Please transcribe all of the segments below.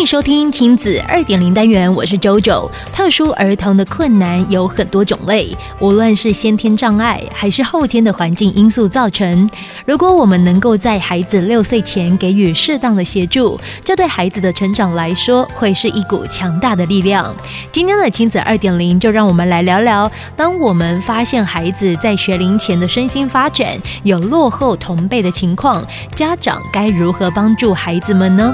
歡迎收聽親子二點零單元，我是 JoJo。特殊兒童的困難有很多種類，無論是先天障礙，還是後天的環境因素造成。如果我們能夠在孩子六歲前給予適當的協助，這對孩子的成長來說會是一股強大的力量。今天的親子二點零，就讓我們來聊聊：當我們發現孩子在學齡前的身心發展有落後同輩的情況，家長該如何幫助孩子們呢？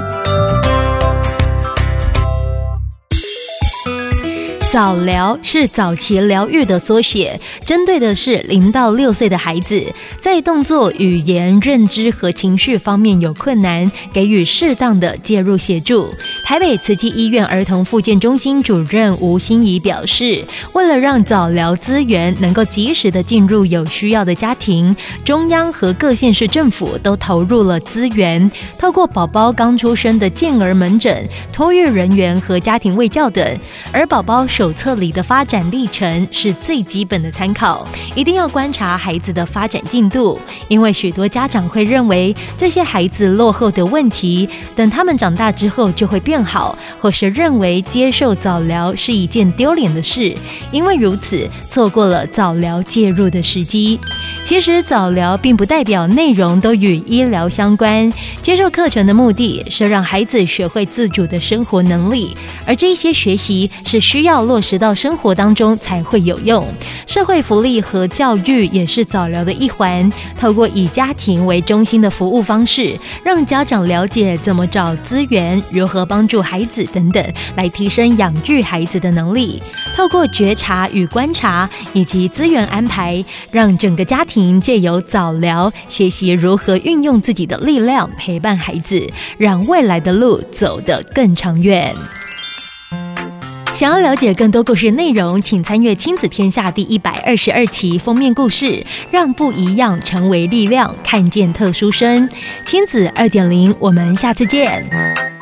早療是早期療育的縮寫，針對的是零到六歲的孩子，在動作、語言、認知和情緒方面有困難，給予適當的介入協助。台北慈濟醫院兒童復健中心主任吳心怡表示，為了讓早療資源能夠及時的進入有需要的家庭，中央和各縣市政府都投入了資源，透過寶寶剛出生的健兒門診、托育人員和家庭衛教等。而寶寶手冊裡的發展歷程是最基本的參考，一定要觀察孩子的發展進度，因為許多家長會認為這些孩子落後的問題，等他們長大之後就會變。更好，或是認為接受早療是一件丟臉的事，因為如此錯過了早療介入的時機。其實早療並不代表內容都與醫療相關，接受課程的目的是讓孩子學會自主的生活能力，而這一些學習是需要落實到生活當中才會有用。社會福利和教育也是早療的一環，透過以家庭為中心的服務方式，讓家長了解怎麼找資源、如何幫助孩子等等，來提升養育孩子的能力。透過覺察與觀察以及資源安排，讓整個家庭。借由早療，學習如何運用自己的力量陪伴孩子，讓未來的路走得更長遠。想要了解更多故事內容，請參閱《親子天下》第一百二十二期封面故事《讓不一樣成為力量》，看見特殊生，親子二點零。我們下次見。